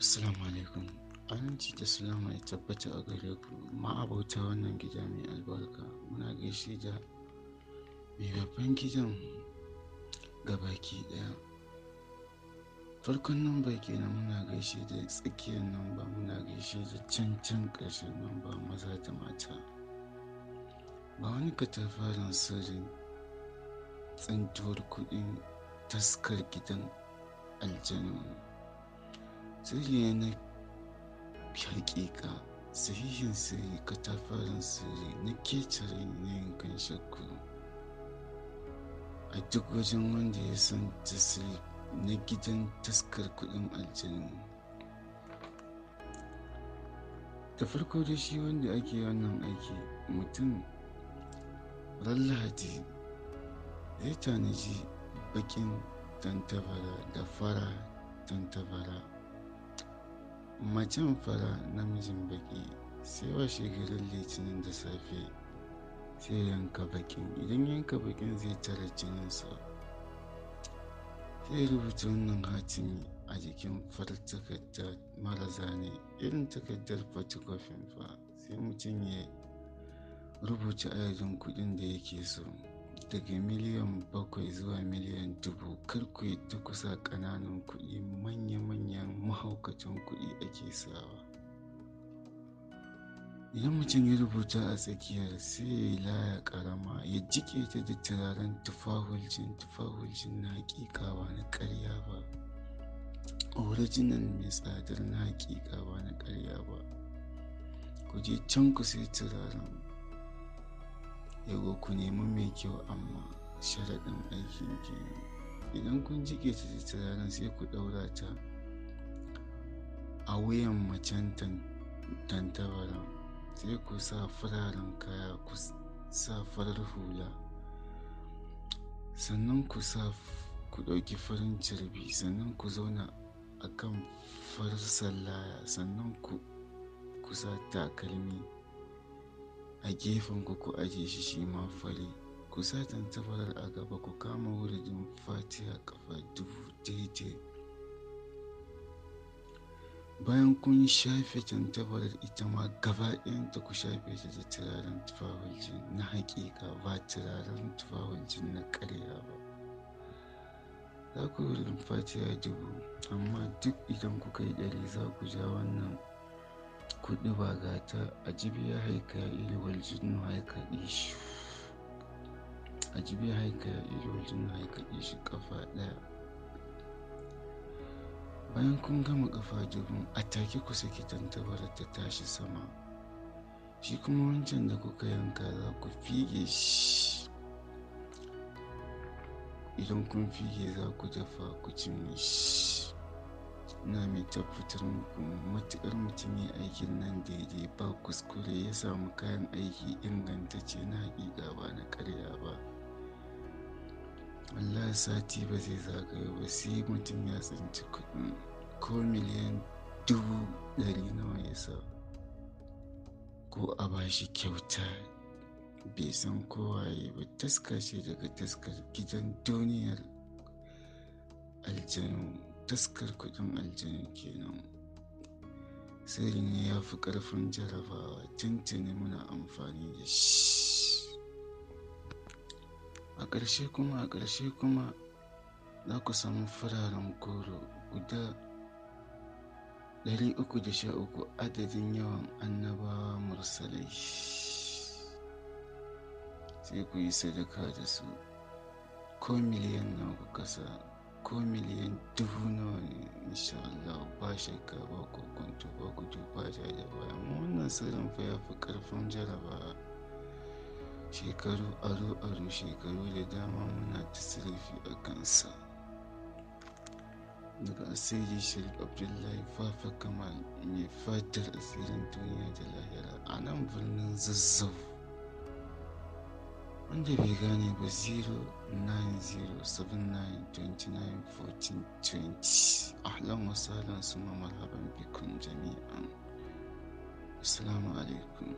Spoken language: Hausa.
Assalamu alaikum. Aminci da salama ya tabbata a gare ku ma'abauta wannan gida mai albarka muna gaishe da mai babban gidan gabaki daya. Farkon baki kenan muna gaishe da tsakiyar namba muna gaishe da can can ƙarshen namba maza da mata. Ba wani katafaren sirrin tsintuwar kuɗin taskar gidan aljanu. Sirri na hakika, sahihin sirri, katafaren sirri na ketare yanayin kan shakku. A duk wajen wanda ya san tasiri na gidan taskar kudin aljanu. Da farko da shi wanda ake wannan aiki mutum ran lahadi zai tanaji bakin tantabara da fara tantabara. macen fara namijin baki sai washe garin litinin da safe sai yanka bakin idan yanka bakin zai tara jininsa sai rubuta wannan hatimi a jikin farar takardar mara zane irin takardar photocopying fa sai mutum ya rubuta adadin kuɗin da yake so daga miliyan bakwai zuwa miliyan dubu kar ku yi ta kusa ƙananan kuɗi manya-manyan mahaukacin kuɗi ake sawa idan mutum ya rubuta a tsakiyar sai ya laya ƙarama ya jike ta da turaren tufahulcin tufahulcin na haƙiƙa ba na ƙarya ba original mai tsadar na haƙiƙa ba na ƙarya ba ku je can ku sai turaren yago ku nemi mai kyau amma sharaɗin aikin kenan idan kun jike ta turaren sai ku ɗaura ta a wuyan macen tantabaran sai ku sa fararen kaya ku sa farar hula sannan ku sa ku ɗauki farin cirbi sannan ku zauna a kan farar sallaya sannan ku sa takalmi a gefen ku ku aje shi shi ma fari ku sa tantabarar a gaba ku titi bayan kun shafe tantabarar ita ma gaba ɗayanta ku shafe ta da turaren tufafin na haƙiƙa ba turaren tufafin na ƙarya ba za ku yi rumfatiya dubu amma duk idan kuka yi ɗari za ku ja wannan kuɗi ba gata a jibi ya haika ya iri waljin haika ishi a jibi haika ya iri waljin haika ishi ƙafa ɗaya bayan kun gama ƙafa jirgin a take ku saki da ta tashi sama shi kuma wancan da kuka yanka za ku fige shi idan kun fige za ku dafa ku cinye shi ina mai tabbatar muku matuƙar mutum ya aikin nan daidai ba kuskure ya samu kayan aiki ingantacce na haƙiƙa ba na ƙarya ba wallahi sati ba zai zagayo ba sai mutum ya tsinci kuɗin ko miliyan dubu dari nawa ya sa ko a ba shi kyauta bai san kowaye ba taska ce daga taskar gidan duniyar aljanu taskar kudin aljanu kenan sirri ne ya fi karfin jarabawa tuntuni muna amfani da shi a ƙarshe kuma a ƙarshe kuma za ku samu fararen goro guda 313 adadin yawan annabawa mursalai sai ku yi sadaka da su ko miliyan nawa ku kasa ko miliyan dubu nawa ne insha Allah ba shakka ba ku kwanto ba ku duba da bayan wannan sirrin fa ya fi ƙarfin jarabawa shekaru aru-aru shekaru da dama muna ta sirifi a kansa daga asiri shirk abdullahi fafa kamal mai fatar asirin duniya da lahira a nan birnin zazzau wanda bai gane ba 09079291420 ahlan wasalan su ma marhaban bikun jami'an assalamu alaikum